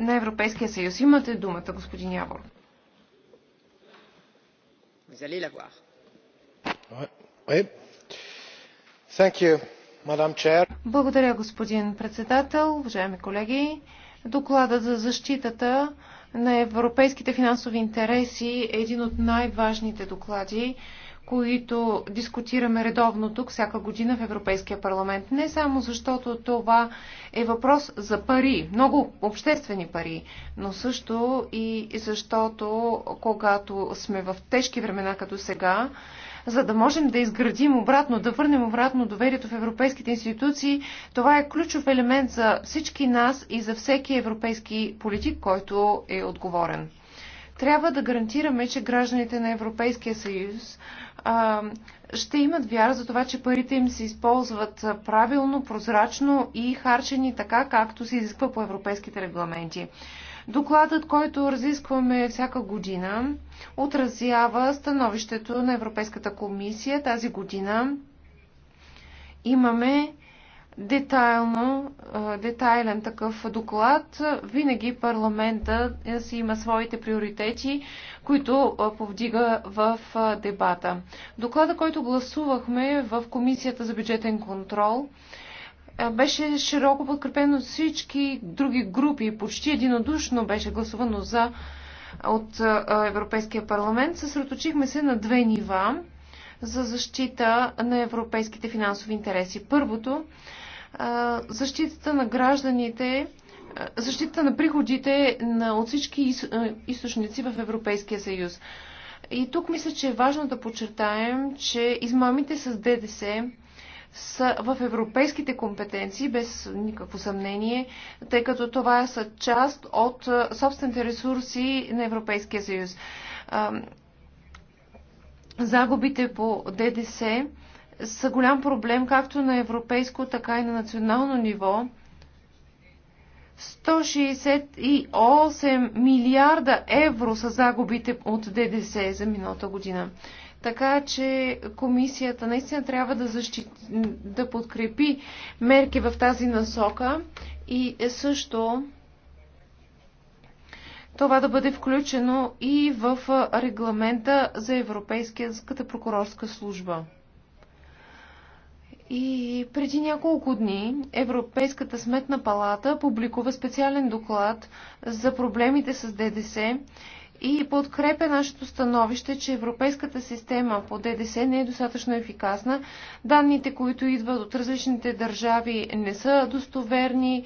на Европейския съюз. Имате думата, господин Явор. Благодаря, господин председател, уважаеми колеги. Докладът за защитата на европейските финансови интереси е един от най-важните доклади, които дискутираме редовно тук всяка година в Европейския парламент. Не само защото това е въпрос за пари, много обществени пари, но също и защото когато сме в тежки времена като сега, за да можем да изградим обратно, да върнем обратно доверието в европейските институции, това е ключов елемент за всички нас и за всеки европейски политик, който е отговорен. Трябва да гарантираме, че гражданите на Европейския съюз а, ще имат вяра за това, че парите им се използват правилно, прозрачно и харчени така, както се изисква по европейските регламенти. Докладът, който разискваме всяка година, отразява становището на Европейската комисия. Тази година имаме детайлно, детайлен такъв доклад. Винаги парламента си има своите приоритети, които повдига в дебата. Доклада, който гласувахме в Комисията за бюджетен контрол, беше широко подкрепен от всички други групи. Почти единодушно беше гласувано за от Европейския парламент. Съсредоточихме се на две нива за защита на европейските финансови интереси. Първото, защитата на гражданите, защитата на приходите на, от всички източници в Европейския съюз. И тук мисля, че е важно да подчертаем, че измамите с ДДС са в европейските компетенции, без никакво съмнение, тъй като това са част от собствените ресурси на Европейския съюз загубите по ДДС са голям проблем както на европейско, така и на национално ниво. 168 милиарда евро са загубите от ДДС за миналата година. Така че комисията наистина трябва да, защити, да подкрепи мерки в тази насока и също това да бъде включено и в регламента за Европейската прокурорска служба. И преди няколко дни Европейската сметна палата публикува специален доклад за проблемите с ДДС и подкрепя нашето становище, че европейската система по ДДС не е достатъчно ефикасна. Данните, които идват от различните държави, не са достоверни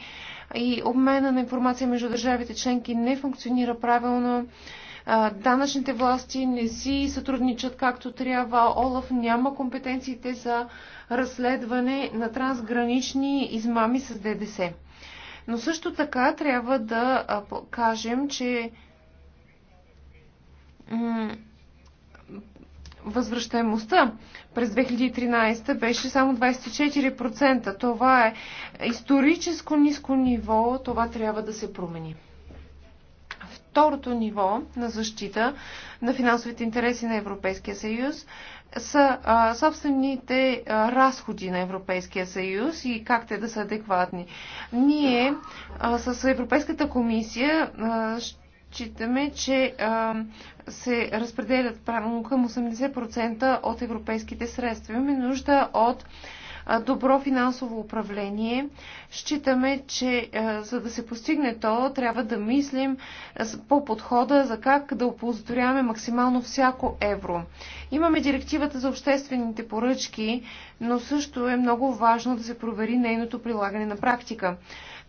и обмена на информация между държавите членки не функционира правилно. Данъчните власти не си сътрудничат както трябва. Олаф няма компетенциите за разследване на трансгранични измами с ДДС. Но също така трябва да кажем, че възвръщаемостта през 2013 беше само 24%. Това е историческо ниско ниво, това трябва да се промени. Второто ниво на защита на финансовите интереси на Европейския съюз са а, собствените а, разходи на Европейския съюз и как те да са адекватни. Ние а, с Европейската комисия а, ще считаме, че а, се разпределят правилно към 80% от европейските средства. Имаме нужда от а, добро финансово управление. Считаме, че а, за да се постигне то, трябва да мислим по подхода за как да оползотворяваме максимално всяко евро. Имаме директивата за обществените поръчки, но също е много важно да се провери нейното прилагане на практика.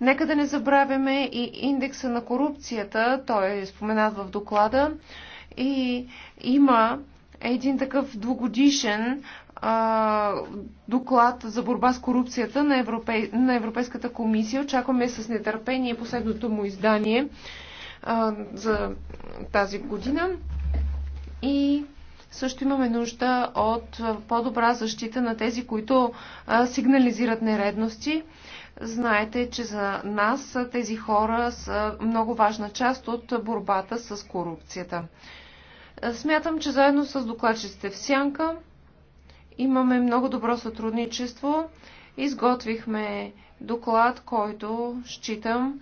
Нека да не забравяме и индекса на корупцията, той е споменат в доклада и има един такъв двугодишен доклад за борба с корупцията на, Европей... на Европейската комисия. Очакваме с нетърпение последното му издание а, за тази година. И също имаме нужда от по-добра защита на тези, които сигнализират нередности. Знаете, че за нас тези хора са много важна част от борбата с корупцията. Смятам, че заедно с докладчиците в Сянка имаме много добро сътрудничество. Изготвихме доклад, който считам,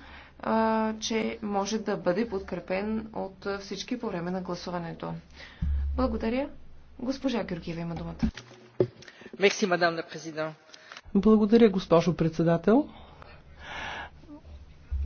че може да бъде подкрепен от всички по време на гласуването. Благодаря. Госпожа Георгиева има думата. Мерси, мадам на президент. Благодаря, госпожо председател.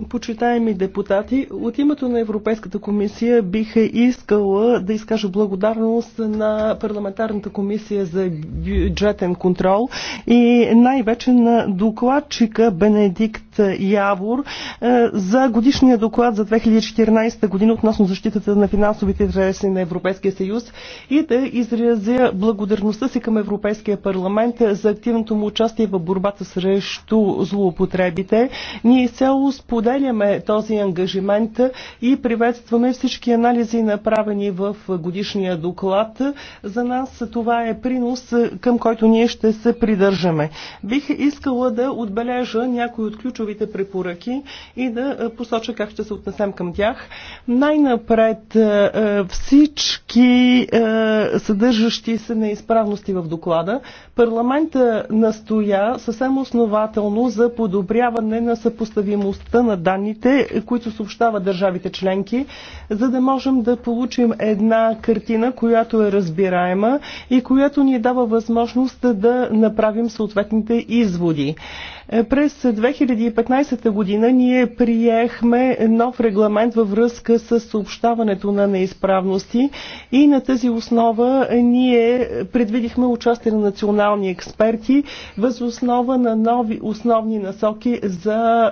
Почитаеми депутати, от името на Европейската комисия бих искала да изкажа благодарност на парламентарната комисия за бюджетен контрол и най-вече на докладчика Бенедикт Явор е, за годишния доклад за 2014 година относно защитата на финансовите интереси на Европейския съюз и да изразя благодарността си към Европейския парламент за активното му участие в борбата срещу злоупотребите. Ние изцяло споделяме този ангажимент и приветстваме всички анализи направени в годишния доклад. За нас това е принос, към който ние ще се придържаме. Бих искала да отбележа някои от ключови неговите препоръки и да е, посоча как ще се отнесем към тях. Най-напред е, е, всички съдържащи се неизправности в доклада. Парламента настоя съвсем основателно за подобряване на съпоставимостта на данните, които съобщават държавите членки, за да можем да получим една картина, която е разбираема и която ни дава възможност да направим съответните изводи. Е, през 2015 година ние приехме нов регламент във връзка с съобщаването на неизправности и на тази основа ние предвидихме участие на национални експерти въз основа на нови основни насоки за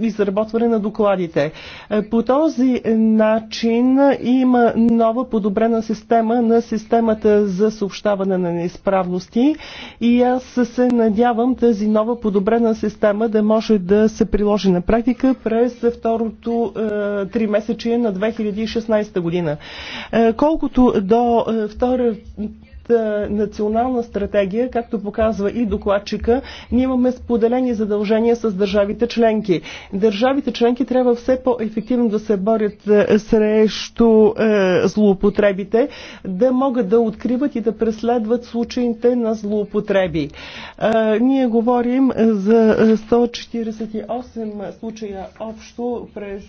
е, изработване на докладите. Е, по този начин има нова подобрена система на системата за съобщаване на неизправности и аз се надявам тази нова подобрена правна система да може да се приложи на практика през второто е, три месече на 2016 година. Е, колкото до е, втора е, национална стратегия, както показва и докладчика, ние имаме споделени задължения с държавите членки. Държавите членки трябва все по-ефективно да се борят е, срещу е, злоупотребите, да могат да откриват и да преследват случаите на злоупотреби. Ние говорим за 148 случая общо през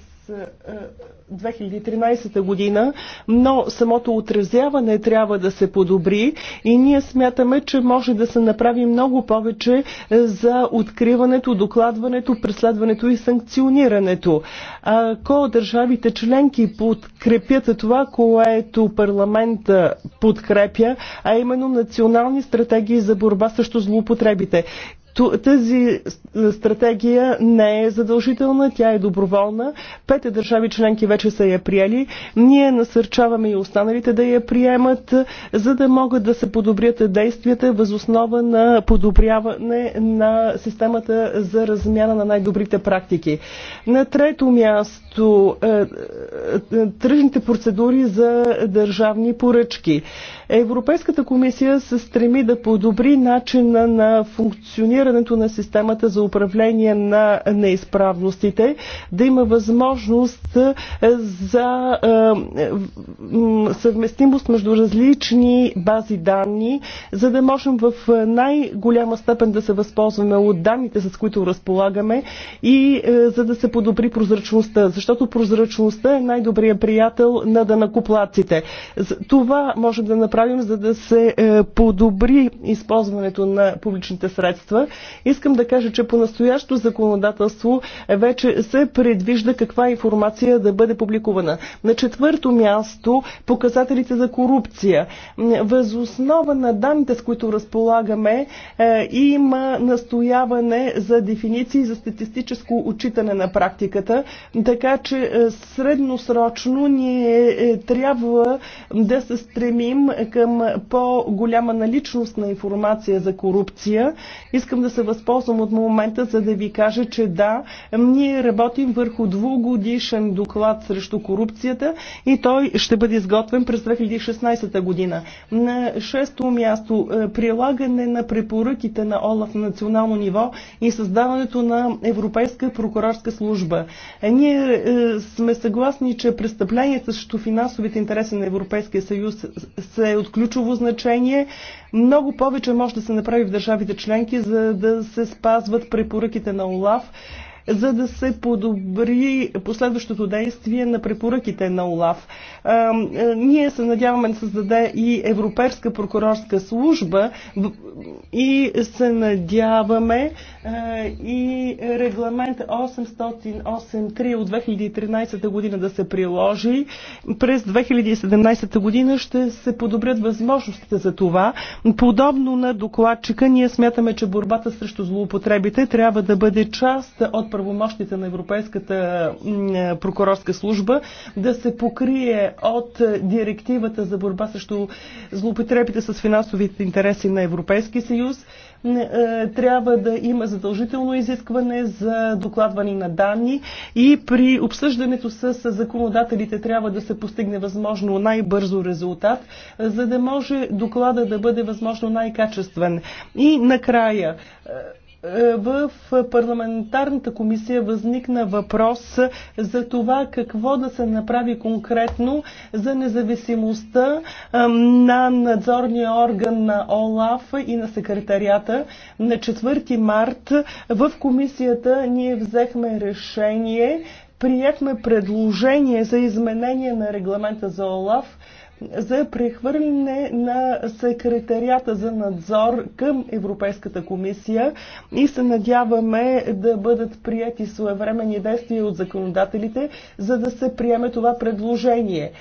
2013 е, е, година, но самото отразяване трябва да се подобри и ние смятаме, че може да се направи много повече е, за откриването, докладването, преследването и санкционирането. Ако държавите членки подкрепят това, което парламента подкрепя, а именно национални стратегии за борба срещу злоупотребите. Тази стратегия не е задължителна, тя е доброволна. Пете държави членки вече са я приели. Ние насърчаваме и останалите да я приемат, за да могат да се подобрят действията възоснова на подобряване на системата за размяна на най-добрите практики. На трето място е, е, тръжните процедури за държавни поръчки. Европейската комисия се стреми да подобри начина на функциониране реформирането на системата за управление на неизправностите, да има възможност е, за е, съвместимост между различни бази данни, за да можем в най-голяма степен да се възползваме от данните, с които разполагаме и е, за да се подобри прозрачността, защото прозрачността е най-добрият приятел на данакоплаците. Това можем да направим, за да се подобри използването на публичните средства Искам да кажа, че по настоящо законодателство вече се предвижда каква информация да бъде публикувана. На четвърто място показателите за корупция. Възоснова на данните, с които разполагаме, е, има настояване за дефиниции за статистическо отчитане на практиката, така че е, средносрочно ние е, трябва да се стремим към по-голяма наличност на информация за корупция. Искам да се възползвам от момента, за да ви кажа, че да, ние работим върху двугодишен доклад срещу корупцията и той ще бъде изготвен през 2016 година. На шесто място е, прилагане на препоръките на ОЛАФ на национално ниво и създаването на Европейска прокурорска служба. Е, ние е, сме съгласни, че престъпленията срещу финансовите интереси на Европейския съюз е от ключово значение. Много повече може да се направи в държавите членки, за да се спазват препоръките на ОЛАФ за да се подобри последващото действие на препоръките на ОЛАФ. Е, ние се надяваме да създаде и Европейска прокурорска служба и се надяваме е, и регламент 808.3 от 2013 година да се приложи. През 2017 година ще се подобрят възможностите за това. Подобно на докладчика, ние смятаме, че борбата срещу злоупотребите трябва да бъде част от правомощите на Европейската е, прокурорска служба да се покрие от директивата за борба срещу злоупотребите с финансовите интереси на Европейския съюз е, трябва да има задължително изискване за докладване на данни и при обсъждането с законодателите трябва да се постигне възможно най-бързо резултат, за да може доклада да бъде възможно най-качествен. И накрая, е, в парламентарната комисия възникна въпрос за това какво да се направи конкретно за независимостта на надзорния орган на ОЛАФ и на секретарията. На 4 март в комисията ние взехме решение, приехме предложение за изменение на регламента за ОЛАФ, за прехвърляне на секретарията за надзор към Европейската комисия и се надяваме да бъдат прияти своевременни действия от законодателите, за да се приеме това предложение.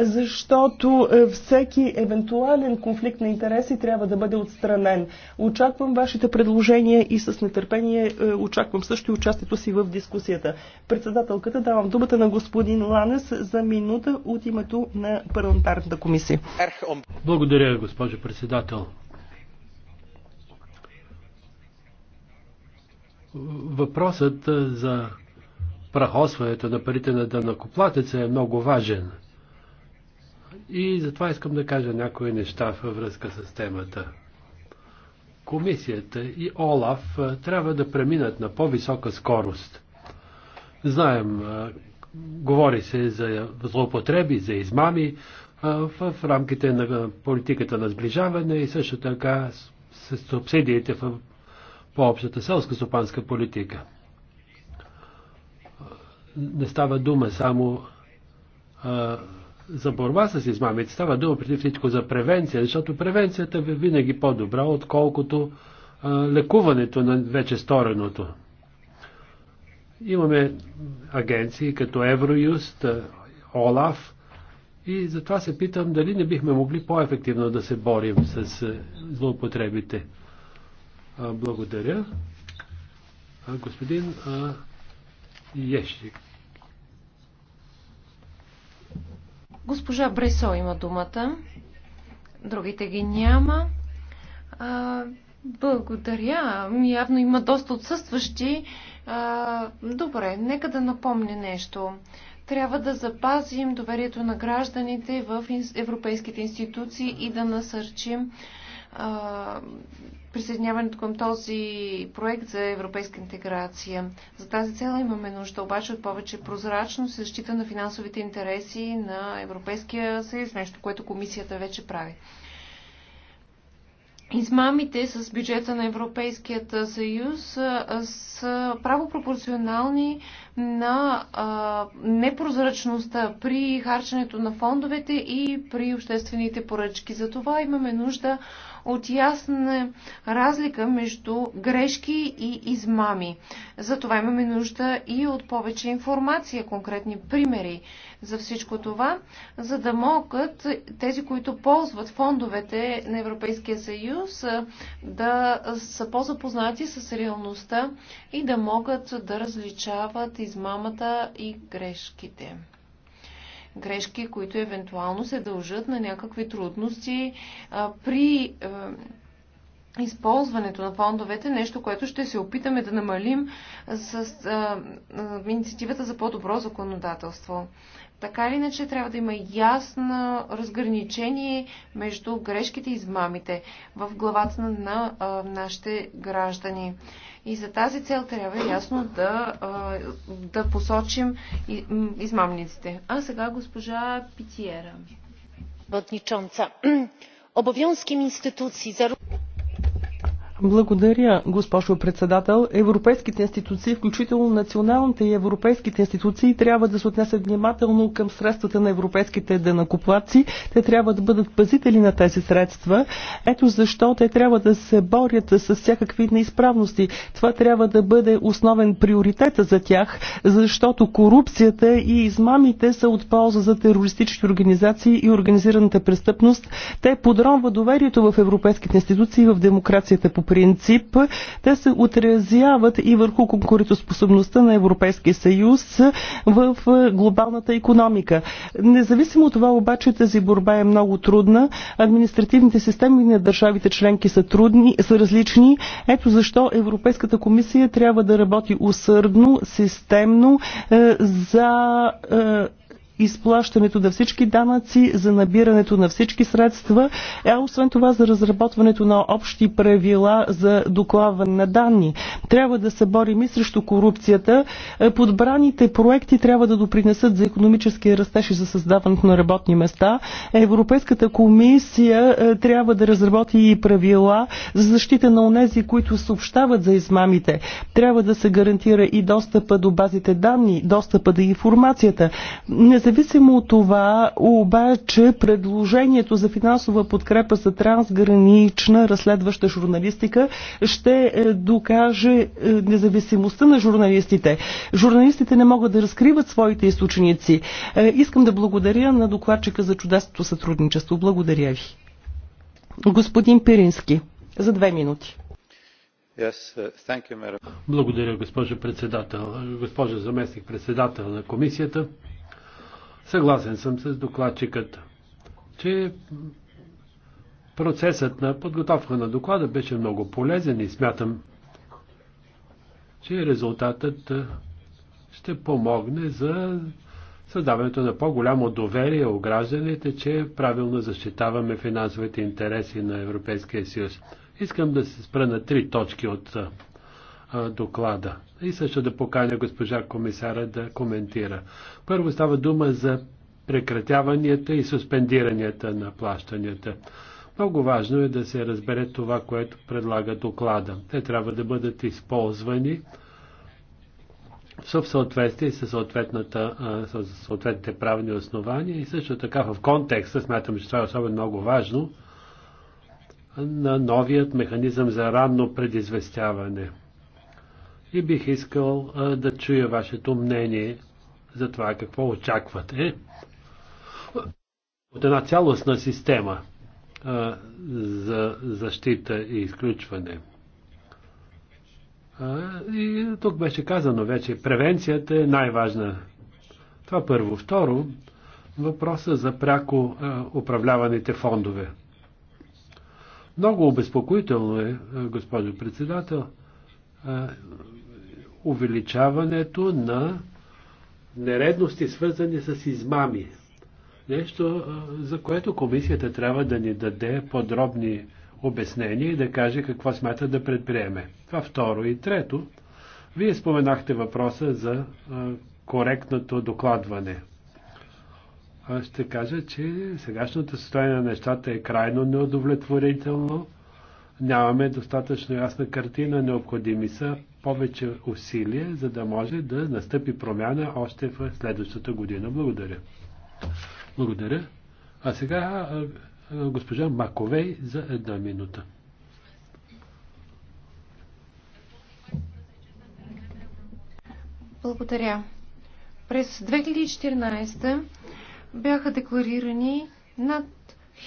Защото е, всеки евентуален конфликт на интереси трябва да бъде отстранен. Очаквам вашите предложения и с нетърпение е, очаквам също и участието си в дискусията. Председателката давам думата на господин Ланес за минута от името на парламента парламентарната комисия. Благодаря, госпожо председател. Въпросът за прахосването на парите на дънакоплатеца е много важен. И затова искам да кажа някои неща във връзка с темата. Комисията и Олаф трябва да преминат на по-висока скорост. Знаем, говори се за злоупотреби, за измами, в рамките на политиката на сближаване и също така с субсидиите в по-общата селско-стопанска политика. Не става дума само а, за борба с измамите, става дума преди всичко за превенция, защото превенцията е винаги по-добра, отколкото а, лекуването на вече стореното. Имаме агенции като Евроюст, ОЛАФ, и затова се питам дали не бихме могли по-ефективно да се борим с е, злоупотребите. Благодаря. Господин Ешик. Госпожа Бресо има думата. Другите ги няма. А, благодаря. Ами, явно има доста отсъстващи. А, добре, нека да напомня нещо. Трябва да запазим доверието на гражданите в европейските институции и да насърчим присъединяването към този проект за европейска интеграция. За тази цел имаме нужда обаче от повече прозрачност и защита на финансовите интереси на Европейския съюз, нещо, което комисията вече прави измамите с бюджета на Европейският съюз са правопропорционални на непрозрачността при харченето на фондовете и при обществените поръчки. За това имаме нужда от ясна разлика между грешки и измами. Затова имаме нужда и от повече информация, конкретни примери за всичко това, за да могат тези, които ползват фондовете на Европейския съюз, да са по-запознати с реалността и да могат да различават измамата и грешките грешки, които евентуално се дължат на някакви трудности а, при а, използването на фондовете, нещо, което ще се опитаме да намалим с а, инициативата за по-добро законодателство. Така или иначе трябва да има ясно разграничение между грешките и измамите в главата на, на а, нашите граждани. И за тази цел трябва ясно да, да посочим измамниците. А сега госпожа Питиера. Водничонца. Обовязки институции zarówno. Благодаря, госпожо председател. Европейските институции, включително националните и европейските институции, трябва да се отнесат внимателно към средствата на европейските денакоплаци. Те трябва да бъдат пазители на тези средства. Ето защо те трябва да се борят с всякакви неизправности. Това трябва да бъде основен приоритет за тях, защото корупцията и измамите са от полза за терористични организации и организираната престъпност. Те подронват доверието в европейските институции и в демокрацията по принцип принцип, те се отразяват и върху конкурентоспособността на Европейския съюз в е, глобалната економика. Независимо от това обаче тази борба е много трудна. Административните системи на държавите членки са трудни, са различни. Ето защо Европейската комисия трябва да работи усърдно, системно е, за е, изплащането на всички данъци, за набирането на всички средства, а освен това за разработването на общи правила за докладване на данни. Трябва да се борим и срещу корупцията. Подбраните проекти трябва да допринесат за економическия растеж и за създаването на работни места. Европейската комисия е, трябва да разработи и правила за защита на онези, които съобщават за измамите. Трябва да се гарантира и достъпа до базите данни, достъпа до информацията. Не Независимо от това, обаче, предложението за финансова подкрепа за трансгранична разследваща журналистика ще е, докаже е, независимостта на журналистите. Журналистите не могат да разкриват своите източници. Е, искам да благодаря на докладчика за чудесното сътрудничество. Благодаря ви. Господин Пирински, за две минути. Yes, uh, you, Благодаря, госпожо председател. Госпожо заместник председател на комисията, Съгласен съм с докладчикът, че процесът на подготовка на доклада беше много полезен и смятам, че резултатът ще помогне за създаването на по-голямо доверие у гражданите, че правилно защитаваме финансовите интереси на Европейския съюз. Искам да се спра на три точки от доклада. И също да поканя госпожа комисара да коментира. Първо става дума за прекратяванията и суспендиранията на плащанията. Много важно е да се разбере това, което предлага доклада. Те трябва да бъдат използвани в съответствие с, с съответните правни основания и също така в контекста, смятам, че това е особено много важно, на новият механизъм за ранно предизвестяване – и бих искал а, да чуя вашето мнение за това какво очаквате от една цялостна система а, за защита и изключване. А, и тук беше казано вече, превенцията е най-важна. Това първо. Второ, въпроса за пряко а, управляваните фондове. Много обезпокоително е, госпожо председател, увеличаването на нередности, свързани с измами. Нещо, за което комисията трябва да ни даде подробни обяснения и да каже какво смята да предприеме. Това второ и трето. Вие споменахте въпроса за коректното докладване. Аз ще кажа, че сегашното състояние на нещата е крайно неудовлетворително нямаме достатъчно ясна картина, необходими са повече усилия, за да може да настъпи промяна още в следващата година. Благодаря. Благодаря. А сега госпожа Маковей за една минута. Благодаря. През 2014 бяха декларирани над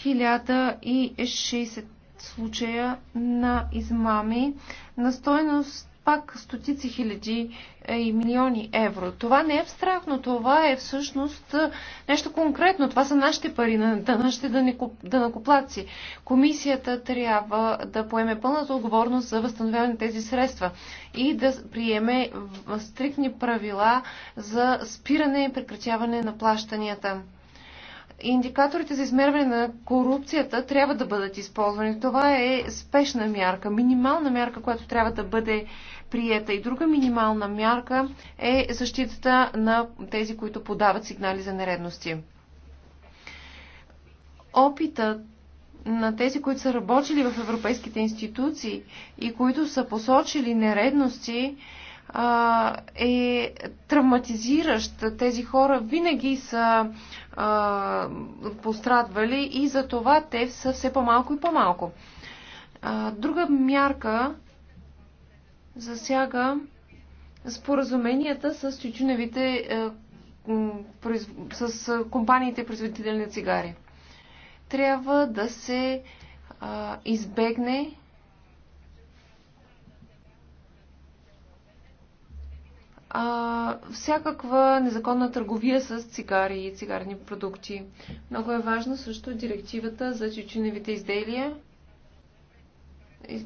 1060 случая на измами на стойност пак стотици хиляди е, и милиони евро. Това не е абстрактно, това е всъщност е, нещо конкретно. Това са нашите пари, на нашите данакоплаци. Комисията трябва да поеме пълната отговорност за възстановяване на тези средства и да приеме стрикни правила за спиране и прекратяване на плащанията. Индикаторите за измерване на корупцията трябва да бъдат използвани. Това е спешна мярка, минимална мярка, която трябва да бъде приета. И друга минимална мярка е защитата на тези, които подават сигнали за нередности. Опитът на тези, които са работили в европейските институции и които са посочили нередности, а, е травматизиращ. Тези хора винаги са а, пострадвали и за това те са все по-малко и по-малко. друга мярка засяга споразуменията с тютюневите е, с компаниите производители на цигари. Трябва да се избегне а, всякаква незаконна търговия с цигари и цигарни продукти. Много е важно също директивата за тютюневите изделия,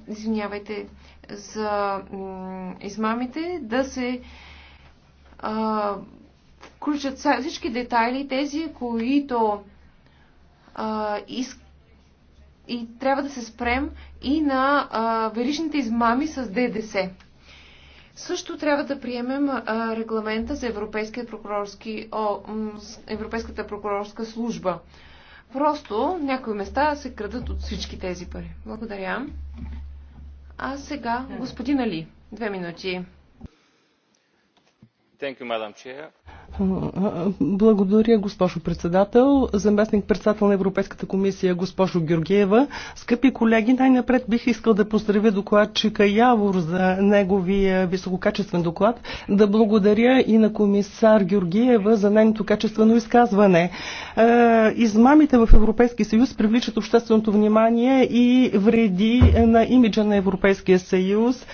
извинявайте, за измамите, да се а, включат всички детайли, тези, които а, из, и трябва да се спрем и на а, верижните измами с ДДС. Също трябва да приемем регламента за Европейския прокурорски, о, Европейската прокурорска служба. Просто някои места се крадат от всички тези пари. Благодаря. А сега е. господин Али. Две минути. Благодаря, госпожо председател. Заместник председател на Европейската комисия, госпожо Георгиева. Скъпи колеги, най-напред бих искал да поздравя докладчика Явор за неговия висококачествен доклад. Да благодаря и на комисар Георгиева за нейното качествено изказване. Е, измамите в Европейския съюз привличат общественото внимание и вреди на имиджа на Европейския съюз.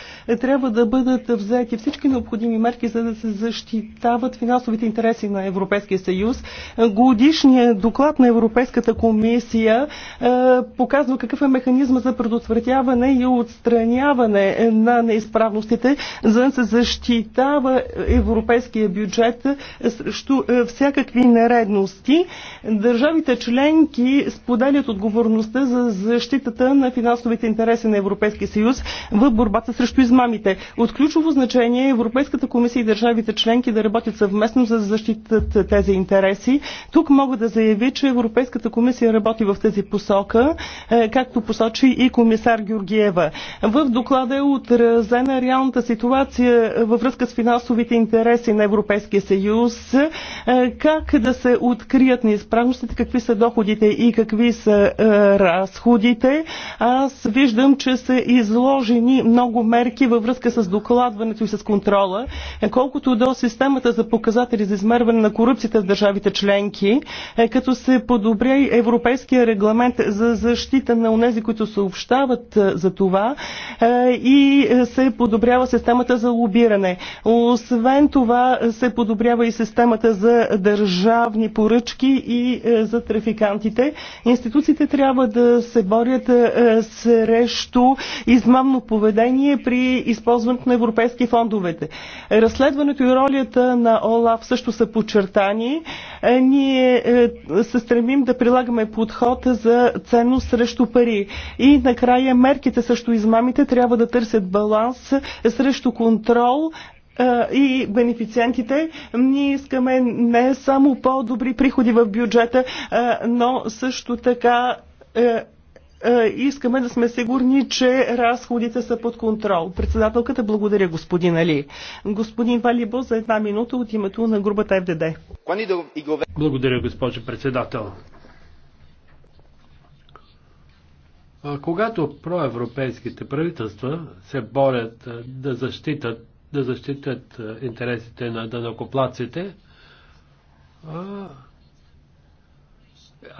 Трябва да бъдат взети всички необходими мерки, за да се защитят защитават финансовите интереси на Европейския съюз. Годишният доклад на Европейската комисия е, показва какъв е механизма за предотвратяване и отстраняване на неизправностите, за да се защитава европейския бюджет срещу е, всякакви нередности. Държавите членки споделят отговорността за защитата на финансовите интереси на Европейския съюз в борбата срещу измамите. От ключово значение е Европейската комисия и държавите членки да работят съвместно за да защитат тези интереси. Тук мога да заявя, че Европейската комисия работи в тази посока, е, както посочи и комисар Георгиева. В доклада е отразена реалната ситуация във връзка с финансовите интереси на Европейския съюз, е, как да се открият неизправностите, какви са доходите и какви са е, разходите. Аз виждам, че са изложени много мерки във връзка с докладването и с контрола. Колкото до до системата за показатели за измерване на корупцията в държавите членки, е като се подобря и европейския регламент за защита на онези, които съобщават е, за това е, и е, се подобрява системата за лобиране. Освен това се подобрява и системата за държавни поръчки и за трафикантите. Институциите трябва да се борят срещу измамно поведение при използването на европейски фондовете. Разследването и ролята на ОЛАФ също са подчертани. Е, ние е, се стремим да прилагаме подход за ценност срещу пари. И накрая мерките срещу измамите трябва да търсят баланс срещу контрол е, и бенефициентите. Ние искаме не само по-добри приходи в бюджета, но също така е, искаме да сме сигурни, че разходите са под контрол. Председателката благодаря господин Али. Господин Валибо за една минута от името на групата ФДД. Благодаря, госпожо председател. Когато проевропейските правителства се борят да защитат, да защитат интересите на данокоплаците,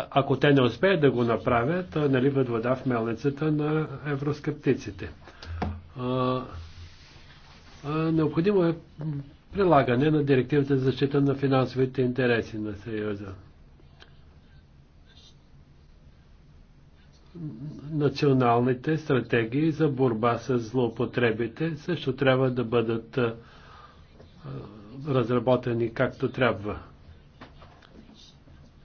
ако те не успеят да го направят, наливат вода в мелницата на евроскептиците. Необходимо е прилагане на директивата за защита на финансовите интереси на Съюза. Националните стратегии за борба с злоупотребите също трябва да бъдат разработени както трябва.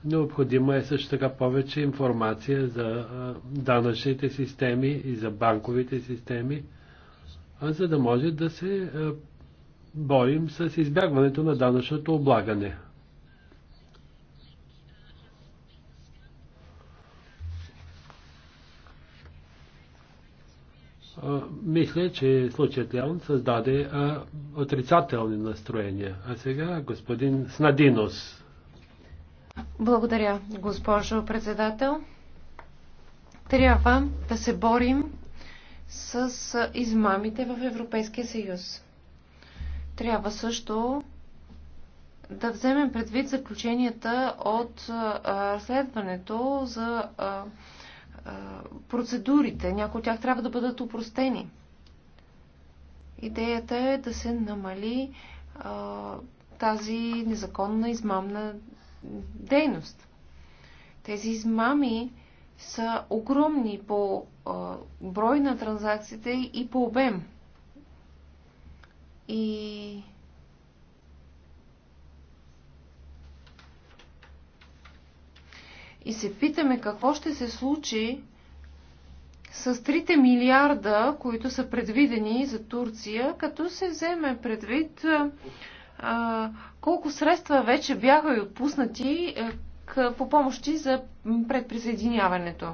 Необходима е също така повече информация за данъчните системи и за банковите системи, за да може да се борим с избягването на данъчното облагане. мисля, че случаят Леон създаде отрицателни настроения. А сега господин Снадинос. Благодаря, госпожо председател. Трябва да се борим с измамите в Европейския съюз. Трябва също да вземем предвид заключенията от разследването за процедурите. Някои от тях трябва да бъдат упростени. Идеята е да се намали тази незаконна измамна дейност. Тези измами са огромни по брой на транзакциите и по обем. И И се питаме какво ще се случи с 3 милиарда, които са предвидени за Турция, като се вземе предвид а, колко средства вече бяха и отпуснати а, е, по помощи за предприсъединяването.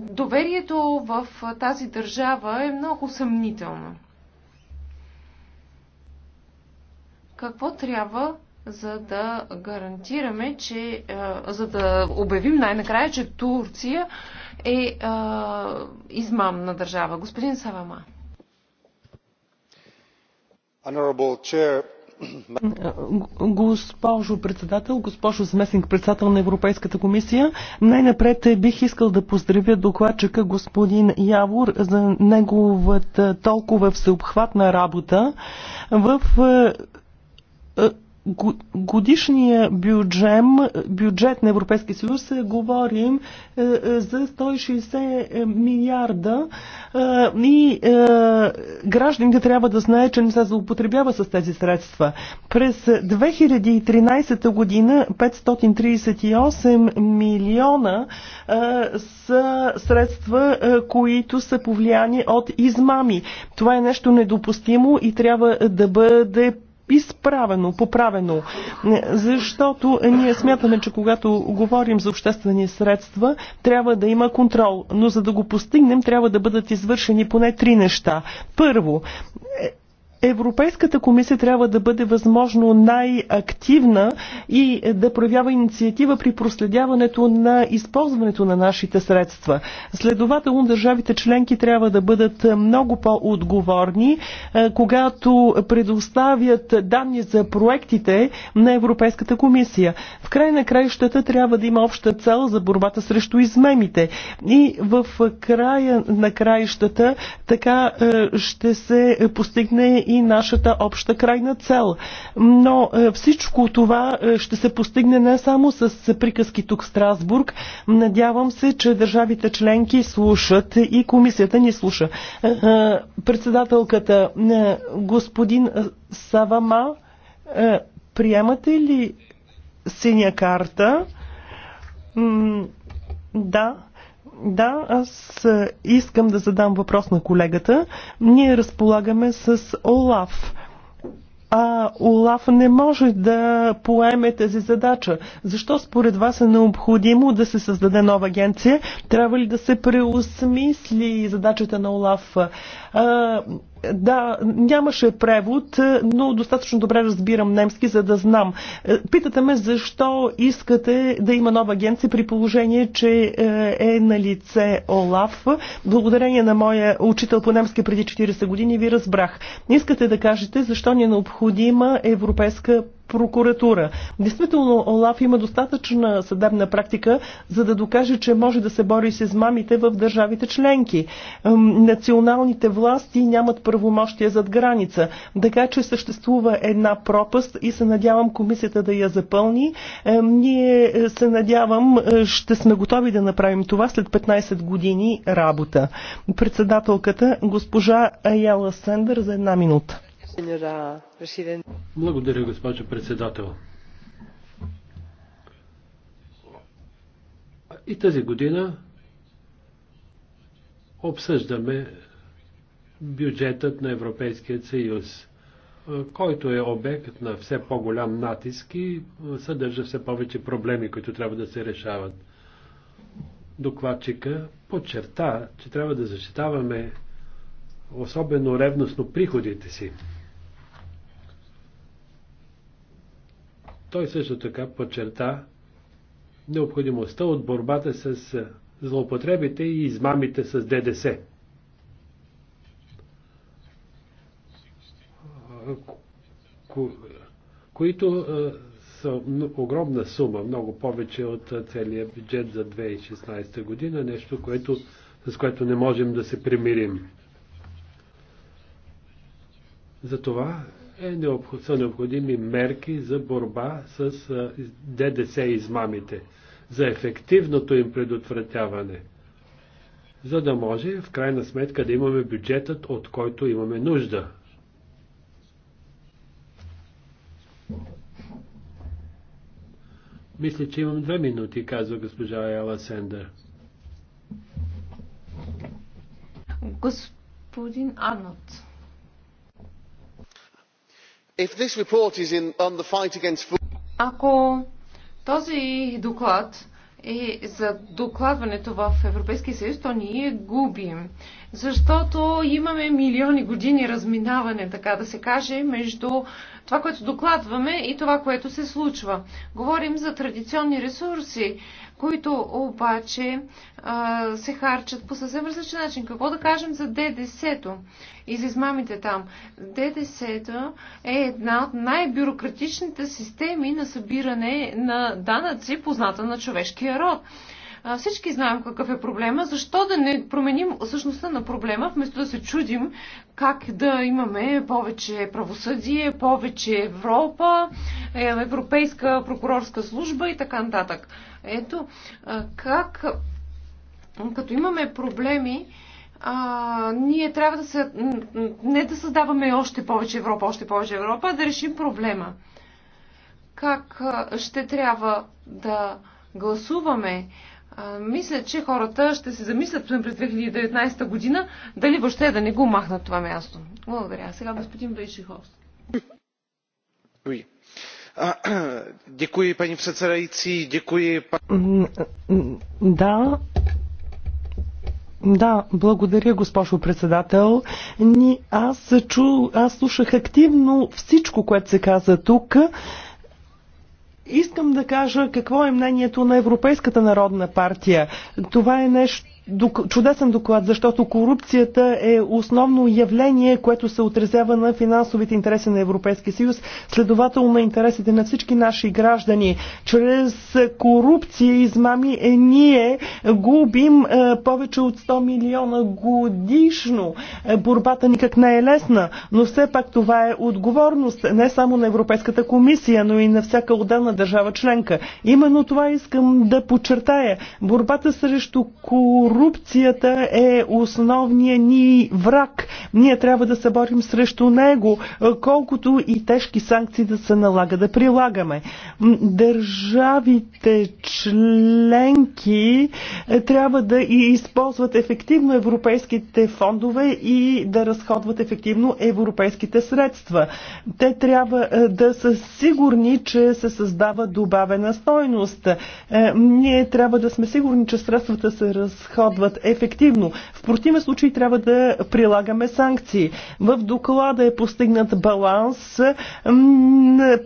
Доверието в тази държава е много съмнително. Какво трябва за да гарантираме, че, за да обявим най-накрая, че Турция е, е измамна държава. Господин Савама. Госпожо председател, госпожо заместник председател на Европейската комисия, най-напред бих искал да поздравя докладчика господин Явор за неговата толкова всеобхватна работа в е, е, годишния бюджет, бюджет на Европейския съюз е, говорим е, е, за 160 милиарда и гражданите трябва да знае, че не се злоупотребява с тези средства. През 2013 година 538 милиона са средства, които са повлияни от измами. Това е нещо недопустимо и трябва да бъде изправено, поправено. Защото ние смятаме, че когато говорим за обществени средства, трябва да има контрол. Но за да го постигнем, трябва да бъдат извършени поне три неща. Първо, Европейската комисия трябва да бъде възможно най-активна и да проявява инициатива при проследяването на използването на нашите средства. Следователно, държавите членки трябва да бъдат много по-отговорни, е, когато предоставят данни за проектите на Европейската комисия. В край на краищата трябва да има обща цел за борбата срещу измемите. И в края на краищата така е, ще се постигне и нашата обща крайна цел. Но е, всичко това е, ще се постигне не само с приказки тук в Страсбург. Надявам се, че държавите членки слушат и комисията ни слуша. Е, председателката господин Савама, приемате ли синя карта? Да. Да, аз искам да задам въпрос на колегата. Ние разполагаме с ОЛАФ. А ОЛАФ не може да поеме тази задача. Защо според вас е необходимо да се създаде нова агенция? Трябва ли да се преосмисли задачата на ОЛАФ? Да, нямаше превод, но достатъчно добре разбирам немски, за да знам. Е, питате ме защо искате да има нова агенция при положение, че е, е на лице ОЛАФ. Благодарение на моя учител по немски преди 40 години ви разбрах. Искате да кажете защо ни е необходима европейска прокуратура. Действително, Олаф има достатъчна съдебна практика, за да докаже, че може да се бори с измамите в държавите членки. Националните власти нямат правомощия зад граница, така че съществува една пропаст и се надявам комисията да я запълни. Ние е, се надявам, е, ще сме готови да направим това след 15 години работа. Председателката госпожа Аяла Сендър за една минута. Благодаря, госпожо председател. И тази година обсъждаме бюджетът на Европейския съюз, който е обект на все по-голям натиск и съдържа все повече проблеми, които трябва да се решават. Докладчика подчерта, че трябва да защитаваме особено ревностно приходите си. Той също така подчерта необходимостта от борбата с е, злоупотребите и измамите с ДДС. които е, са огромна сума, много повече от е, целия бюджет за 2016 година, нещо, което, с което не можем да се примирим. Затова е необход, са необходими мерки за борба с ДДС и измамите, за ефективното им предотвратяване, за да може в крайна сметка да имаме бюджетът, от който имаме нужда. Мисля, че имам две минути, казва госпожа Ела Сендер. Господин Арнот. Ако този доклад е за докладването в Европейския съюз, то ние губим защото имаме милиони години разминаване, така да се каже, между това, което докладваме и това, което се случва. Говорим за традиционни ресурси, които обаче а, се харчат по съвсем различен начин. Какво да кажем за ДДС-то и за измамите там? ДДС-то е една от най-бюрократичните системи на събиране на данъци, позната на човешкия род. Всички знаем какъв е проблема. Защо да не променим същността на проблема, вместо да се чудим как да имаме повече правосъдие, повече Европа, е, Европейска прокурорска служба и така нататък. Ето, как като имаме проблеми, а, ние трябва да се. не да създаваме още повече Европа, още повече Европа, а да решим проблема. Как ще трябва да гласуваме а, мисля, че хората ще се замислят през 2019 година дали въобще да не го махнат това място. Благодаря. Сега господин Бейшиховски. Oui. Děkuji, paní předsedající, děkuji. Pa... Да, да, благодаря, госпожо председател. Ни, аз, чу, аз слушах активно всичко, което се каза тук. Искам да кажа какво е мнението на Европейската народна партия. Това е нещо чудесен доклад, защото корупцията е основно явление, което се отразява на финансовите интереси на Европейския съюз, следователно на интересите на всички наши граждани. Чрез корупция и измами е, ние губим е, повече от 100 милиона годишно. Е, борбата никак не е лесна, но все пак това е отговорност не само на Европейската комисия, но и на всяка отделна държава членка. Именно това искам да подчертая. Борбата срещу корупция корупцията е основният ни враг. Ние трябва да се борим срещу него, колкото и тежки санкции да се налага да прилагаме. Държавите членки е, трябва да използват ефективно европейските фондове и да разходват ефективно европейските средства. Те трябва е, да са сигурни, че се създава добавена стойност. Е, ние трябва да сме сигурни, че средствата се разходват разходват ефективно. В противен случай трябва да прилагаме санкции. В доклада е постигнат баланс,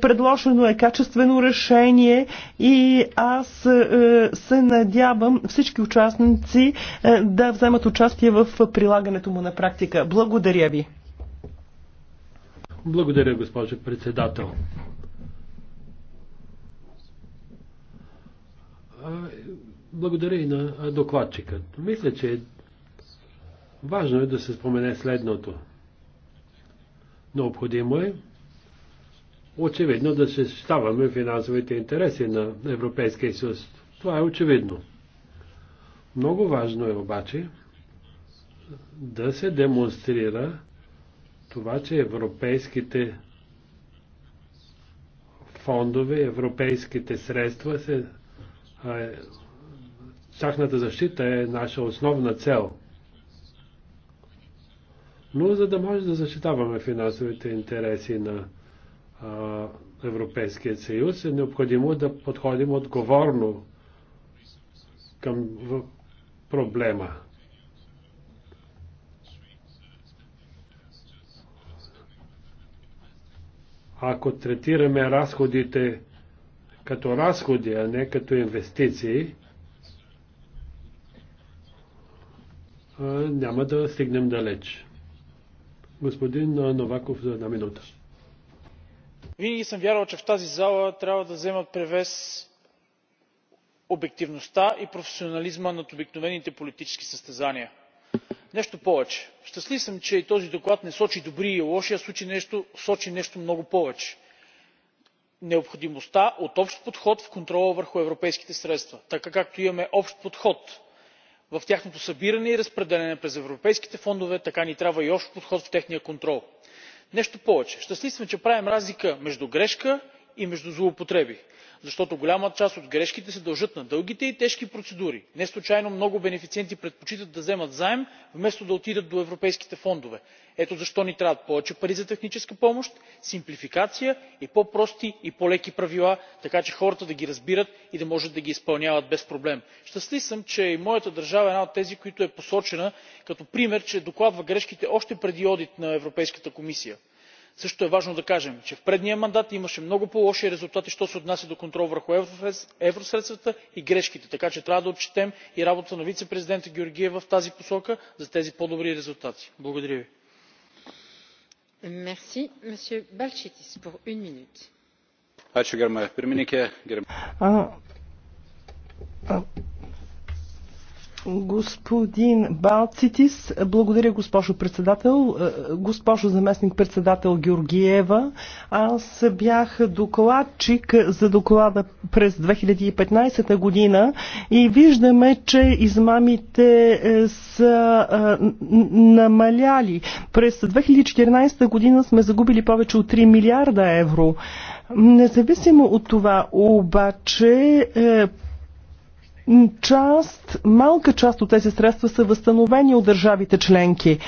предложено е качествено решение и аз е, се надявам всички участници е, да вземат участие в прилагането му на практика. Благодаря ви. Благодаря, госпожо председател. Е, благодаря и на докладчика. Мисля, че важно е да се спомене следното. Необходимо е очевидно да се ставаме финансовите интереси на Европейския съюз. Това е очевидно. Много важно е обаче да се демонстрира това, че европейските фондове, европейските средства се Тяхната защита е наша основна цел. Но за да може да защитаваме финансовите интереси на а, Европейския съюз, е необходимо да подходим отговорно към проблема. Ако третираме разходите като разходи, а не като инвестиции, няма да стигнем далеч. Господин Новаков за една минута. Винаги съм вярвал, че в тази зала трябва да вземат превес обективността и професионализма над обикновените политически състезания. Нещо повече. Щастлив съм, че и този доклад не сочи добри и лоши, а сочи нещо много повече необходимостта от общ подход в контрола върху европейските средства така както имаме общ подход в тяхното събиране и разпределяне през европейските фондове така ни трябва и общ подход в техния контрол. нещо повече щастлив съм че правим разлика между грешка и между злоупотреби защото голяма част от грешките се дължат на дългите и тежки процедури. неслучайно много бенефициенти предпочитат да вземат заем вместо да отидат до европейските фондове. ето защо ни трябват повече пари за техническа помощ симплификация и по прости и по леки правила така че хората да ги разбират и да може да ги изпълняват без проблем. щастлив съм че и моята държава е една от тези която е посочена като пример че докладва грешките още преди одит на европейската комисия също е важно да кажем че в предния мандат имаше много по лоши резултати що се отнася до контрол върху евросредствата и грешките така че трябва да отчетем и работата на вице президента георгиева в тази посока за тези по добри резултати. благодаря ви. Господин Балцитис, благодаря госпожо председател. Е, госпожо заместник председател Георгиева, аз бях докладчик за доклада през 2015 година и виждаме, че измамите е, са е, намаляли. През 2014 година сме загубили повече от 3 милиарда евро. Независимо от това, обаче, Част, малка част от тези средства са възстановени от държавите членки.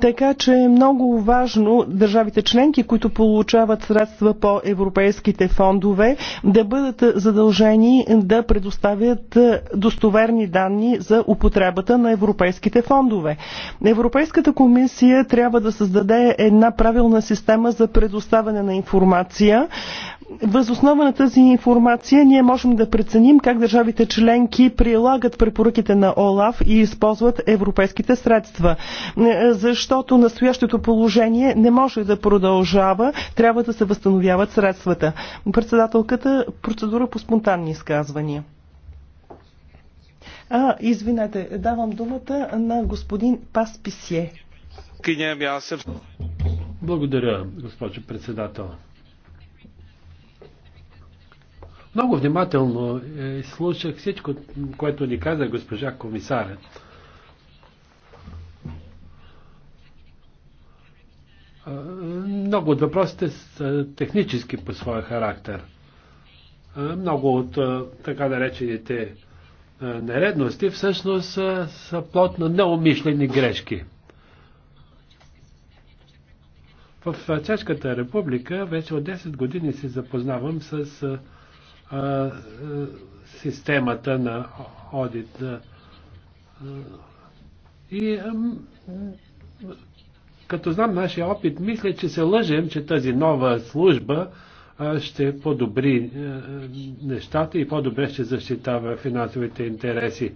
Така че е много важно държавите членки, които получават средства по европейските фондове, да бъдат задължени да предоставят е, достоверни данни за употребата на европейските фондове. Европейската комисия трябва да създаде една правилна система за предоставяне на информация, Възоснова на тази информация ние можем да преценим как държавите членки прилагат препоръките на ОЛАФ и използват европейските средства. Защото настоящото положение не може да продължава, трябва да се възстановяват средствата. Председателката процедура по спонтанни изказвания. А, извинете, давам думата на господин Пасписие. Благодаря, госпожо председател. Много внимателно е, слушах всичко, което ни каза госпожа комисаря. Много от въпросите са технически по своя характер. Много от така наречените нередности всъщност са, са плод на неумишлени грешки. В Чешката република вече от 10 години се запознавам с е, системата на одит. И като знам нашия опит, мисля, че се лъжем, че тази нова служба ще подобри е, нещата и по-добре ще защитава финансовите интереси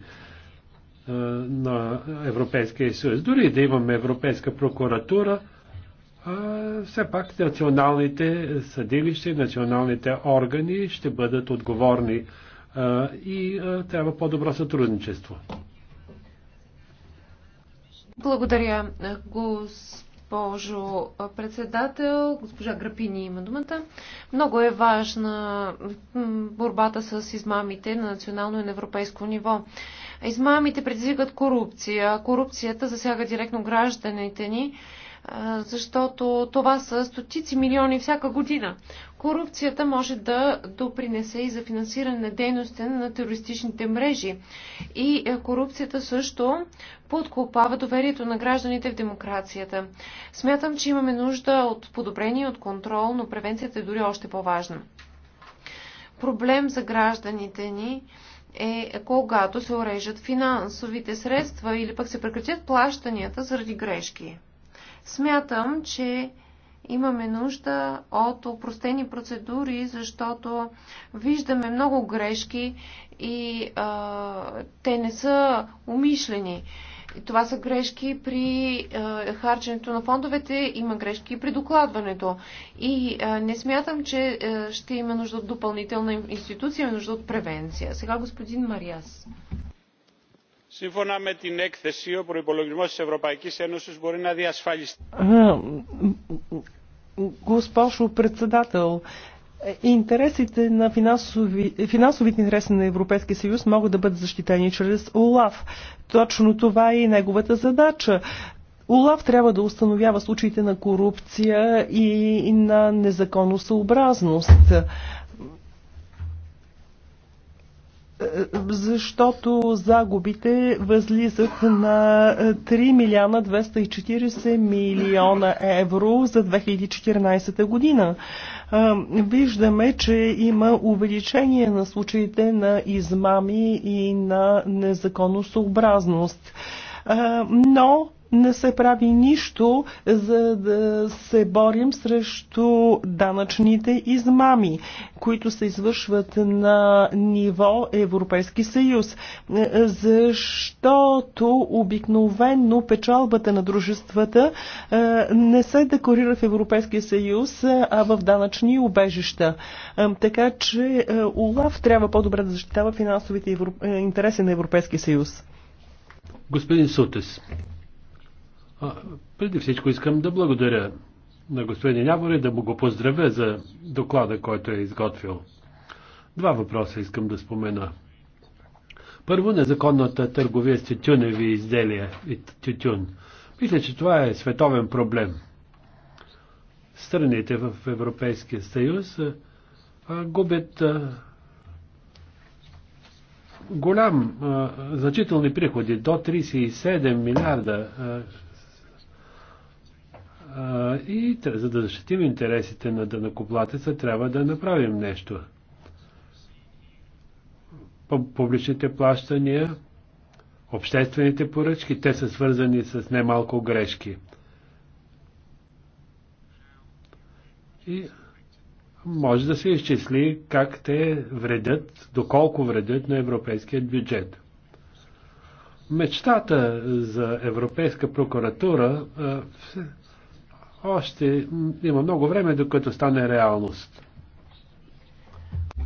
е, на Европейския съюз. Дори да имаме Европейска прокуратура, все пак националните съдилища и националните органи ще бъдат отговорни и трябва по-добро сътрудничество. Благодаря, госпожо председател. Госпожа Грапини има думата. Много е важна борбата с измамите на национално и на европейско ниво. Измамите предизвикат корупция. Корупцията засяга директно гражданите ни защото това са стотици милиони всяка година. Корупцията може да допринесе и за финансиране на дейности на терористичните мрежи. И е, корупцията също подкопава доверието на гражданите в демокрацията. Смятам, че имаме нужда от подобрение, от контрол, но превенцията е дори още по-важна. Проблем за гражданите ни е когато се урежат финансовите средства или пък се прекратят плащанията заради грешки. Смятам, че имаме нужда от упростени процедури, защото виждаме много грешки и а, те не са умишлени. Това са грешки при а, харченето на фондовете, има грешки и при докладването. И а, не смятам, че а, ще има нужда от допълнителна институция, има нужда от превенция. Сега господин Мариас. Σύμφωνα με την έκθεση, ο προϋπολογισμός της Ευρωπαϊκής Ένωσης μπορεί να διασφαλιστεί. Госпожо председател, интересите на финансови, финансовите интереси на Европейския съюз могат да бъдат защитени чрез ОЛАВ. Точно това е и неговата задача. ОЛАВ трябва да установява случаите на корупция и на незаконосъобразност. съобразност защото загубите възлизат на 3 милиона 240 милиона евро за 2014 година. Виждаме, че има увеличение на случаите на измами и на незаконосообразност. Но не се прави нищо, за да се борим срещу данъчните измами, които се извършват на ниво Европейски съюз, защото обикновенно печалбата на дружествата е, не се декорира в Европейския съюз, а в данъчни убежища. Е, така че е, Олаф трябва по-добре да защитава финансовите интереси на Европейския съюз. Господин Сутес. Преди всичко искам да благодаря на господин Явор и да му го поздравя за доклада, който е изготвил. Два въпроса искам да спомена. Първо, незаконната търговия с тютюневи изделия и тютюн. Мисля, че това е световен проблем. Страните в Европейския съюз губят голям, значителни приходи, до 37 милиарда и за да защитим интересите на дънакоплатеца, трябва да направим нещо. Публичните плащания, обществените поръчки, те са свързани с немалко грешки. И може да се изчисли как те вредят, доколко вредят на европейският бюджет. Мечтата за Европейска прокуратура още има много време, докато стане реалност.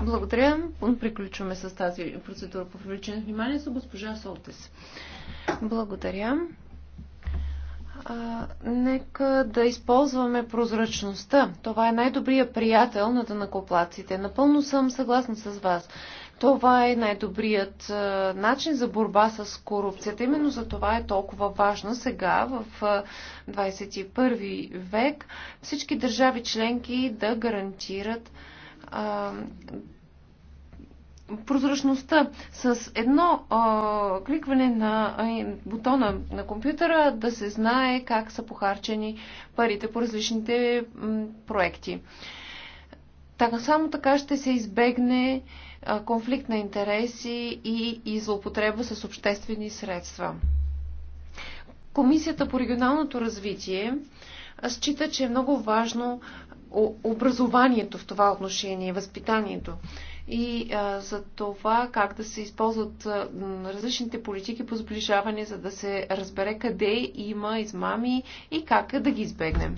Благодаря. Приключваме с тази процедура по привличане на внимание за Госпожа Солтес. Благодаря. А, нека да използваме прозрачността. Това е най-добрият приятел на данакоплаците. Напълно съм съгласна с вас. Това е най-добрият начин за борба с корупцията. Именно за това е толкова важно сега в 21 век всички държави членки да гарантират прозрачността с едно а, кликване на а, бутона на компютъра да се знае как са похарчени парите по различните м, проекти. Така, само така ще се избегне а, конфликт на интереси и, и злоупотреба с обществени средства. Комисията по регионалното развитие счита, че е много важно образованието в това отношение, възпитанието и а, за това как да се използват а, различните политики по сближаване, за да се разбере къде има измами и как да ги избегнем.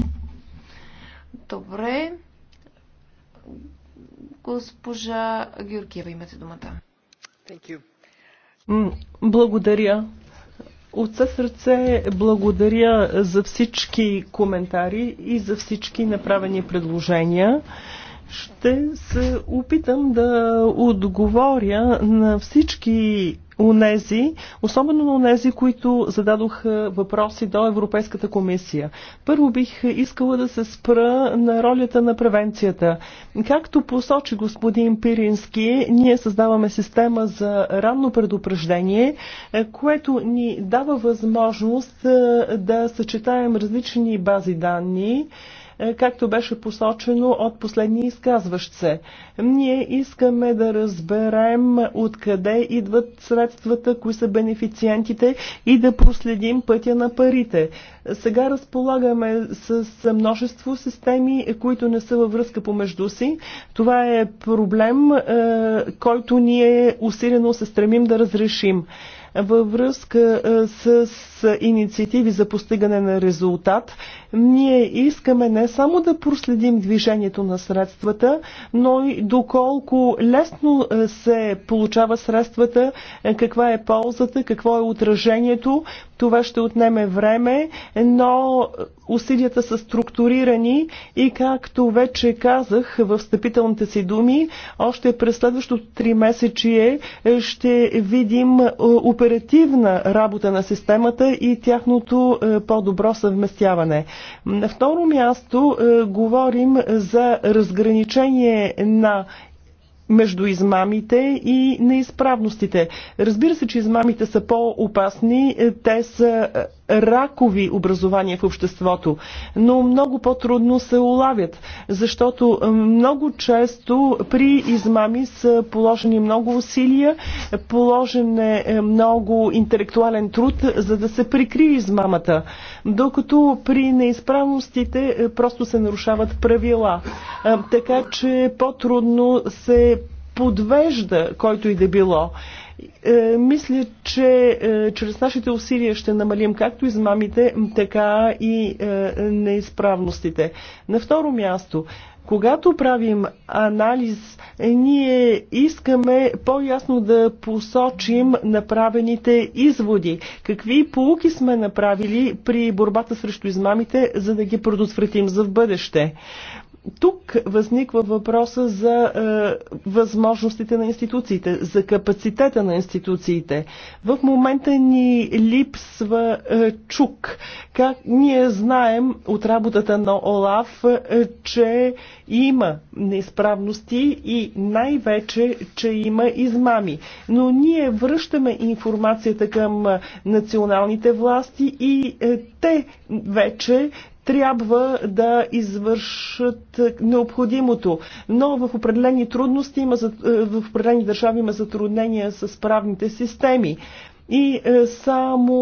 Добре. Госпожа Георгиева, имате думата. Благодаря. От със сърце благодаря за всички коментари и за всички направени предложения. Ще се опитам да отговоря на всички унези, особено на унези, които зададох въпроси до Европейската комисия. Първо бих искала да се спра на ролята на превенцията. Както посочи господин Пирински, ние създаваме система за ранно предупреждение, което ни дава възможност да съчетаем различни бази данни, е, както беше посочено от последния изказващ се. Ние искаме да разберем откъде идват средствата, кои са бенефициентите и да проследим пътя на парите. Сега разполагаме с множество системи, които не са във връзка помежду си. Това е проблем, е, който ние усилено се стремим да разрешим във връзка с инициативи за постигане на резултат, ние искаме не само да проследим движението на средствата, но и доколко лесно се получава средствата, каква е ползата, какво е отражението. Това ще отнеме време, но усилията са структурирани и както вече казах в встъпителните си думи, още през следващото три месечие ще видим оперативна работа на системата и тяхното е, по-добро съвместяване. На второ място е, говорим за разграничение на между измамите и неизправностите. Разбира се, че измамите са по-опасни. Е, те са ракови образования в обществото, но много по-трудно се улавят, защото много често при измами са положени много усилия, положен е, е много интелектуален труд, за да се прикрие измамата, докато при неизправностите е, просто се нарушават правила. Е, така че по-трудно се подвежда който и да било. Е, мисля, че е, чрез нашите усилия ще намалим както измамите, така и е, неизправностите. На второ място, когато правим анализ, ние искаме по-ясно да посочим направените изводи. Какви полуки сме направили при борбата срещу измамите, за да ги предотвратим за в бъдеще тук възниква въпроса за е, възможностите на институциите, за капацитета на институциите. В момента ни липсва е, чук. Как ние знаем от работата на ОЛАФ, е, че има неизправности и най-вече, че има измами. Но ние връщаме информацията към националните власти и е, те вече трябва да извършат необходимото. Но в определени трудности има, в определени държави има затруднения с правните системи. И е, само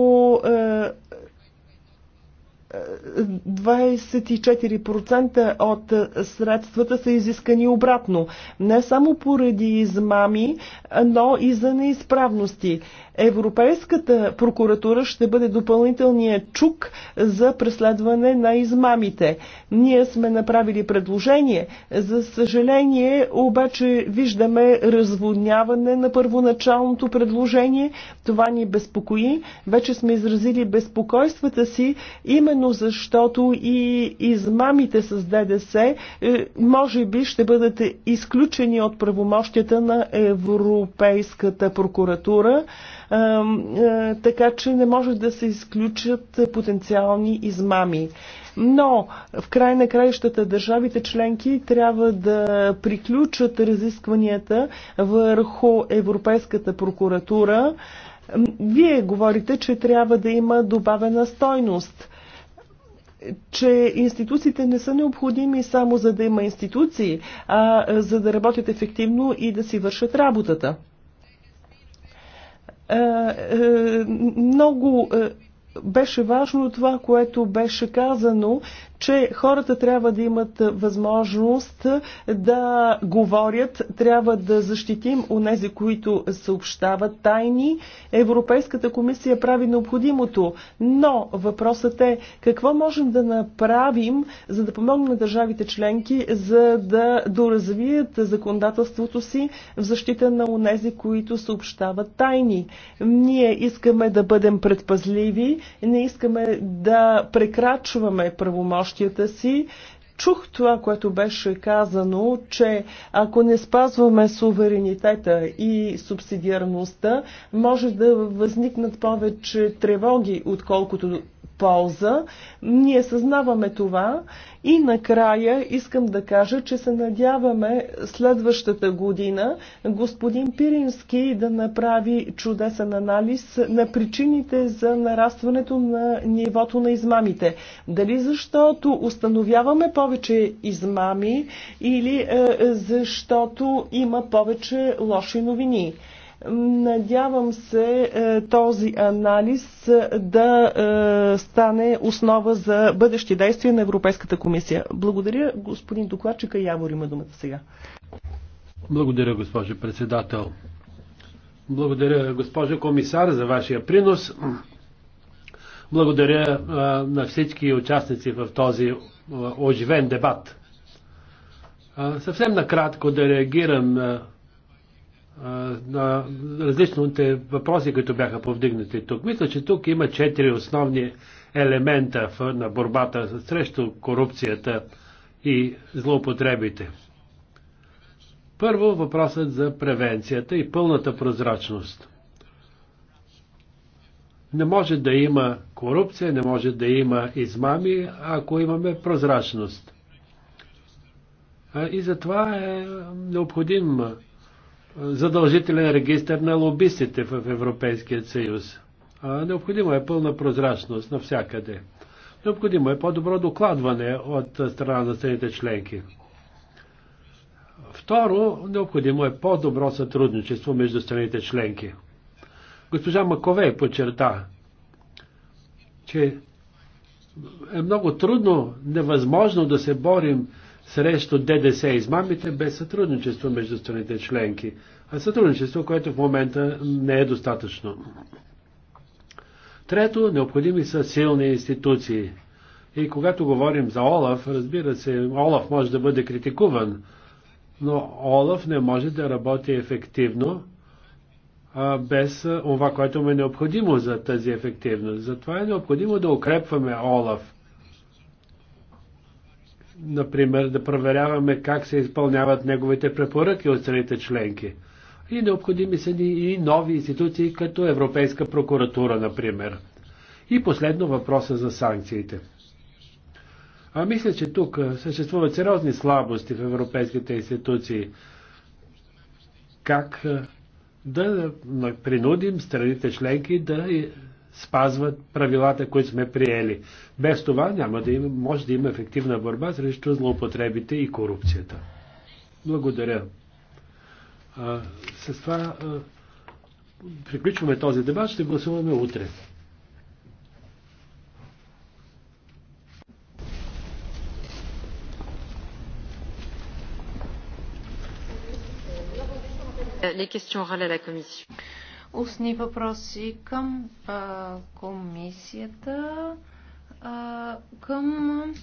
24% е, от средствата са изискани обратно. Не само поради измами, но и за неизправности. Европейската прокуратура ще бъде допълнителният чук за преследване на измамите. Ние сме направили предложение. За съжаление, обаче виждаме разводняване на първоначалното предложение. Това ни безпокои. Вече сме изразили безпокойствата си, именно защото и измамите с ДДС е, може би ще бъдат изключени от правомощията на Европейската прокуратура е, така че не може да се изключат потенциални измами. Но в край на краищата държавите членки трябва да приключат разискванията върху Европейската прокуратура. Вие говорите, че трябва да има добавена стойност че институциите не са необходими само за да има институции, а за да работят ефективно и да си вършат работата. Е, е, много е, беше важно това, което беше казано, че хората трябва да имат възможност да говорят, трябва да защитим онези, които съобщават тайни. Европейската комисия прави необходимото, но въпросът е какво можем да направим, за да помогнем на държавите членки, за да доразвият законодателството си в защита на онези, които съобщават тайни. Ние искаме да бъдем предпазливи, не искаме да прекрачваме правомощ правомощията си. Чух това, което беше казано, че ако не спазваме суверенитета и субсидиарността, може да възникнат повече тревоги, отколкото полза. Ние съзнаваме това и накрая искам да кажа, че се надяваме следващата година господин Пирински да направи чудесен анализ на причините за нарастването на нивото на измамите. Дали защото установяваме повече измами или е, е, защото има повече лоши новини. Надявам се е, този анализ е, да е, стане основа за бъдещи действия на Европейската комисия. Благодаря, господин докладчика Явор има думата сега. Благодаря, госпожо председател. Благодаря, госпожо комисар, за вашия принос. Благодаря а, на всички участници в този а, оживен дебат. А, съвсем накратко да реагирам а, на различните въпроси, които бяха повдигнати тук. Мисля, че тук има четири основни елемента на борбата срещу корупцията и злоупотребите. Първо въпросът за превенцията и пълната прозрачност. Не може да има корупция, не може да има измами, ако имаме прозрачност. И затова е необходим задължителен регистр на лобистите в Европейския съюз. Необходимо е пълна прозрачност навсякъде. Необходимо е по-добро докладване от страна на страните членки. Второ, необходимо е по-добро сътрудничество между страните членки. Госпожа Маковей подчерта, че е много трудно, невъзможно да се борим срещу ДДС измамите без сътрудничество между страните членки, а сътрудничество, което в момента не е достатъчно. Трето, необходими са силни институции. И когато говорим за Олаф, разбира се, Олаф може да бъде критикуван, но Олаф не може да работи ефективно а, без това, което му е необходимо за тази ефективност. Затова е необходимо да укрепваме Олаф например, да проверяваме как се изпълняват неговите препоръки от страните членки. И необходими са ни и нови институции, като Европейска прокуратура, например. И последно въпроса за санкциите. А мисля, че тук съществуват сериозни слабости в европейските институции. Как да принудим страните членки да спазват правилата, които сме приели. Без това няма да има, може да има ефективна борба срещу злоупотребите и корупцията. Благодаря. А, с това а, приключваме този дебат. Ще гласуваме утре. Les questions orales à la Commission устни въпроси към а, комисията, а, към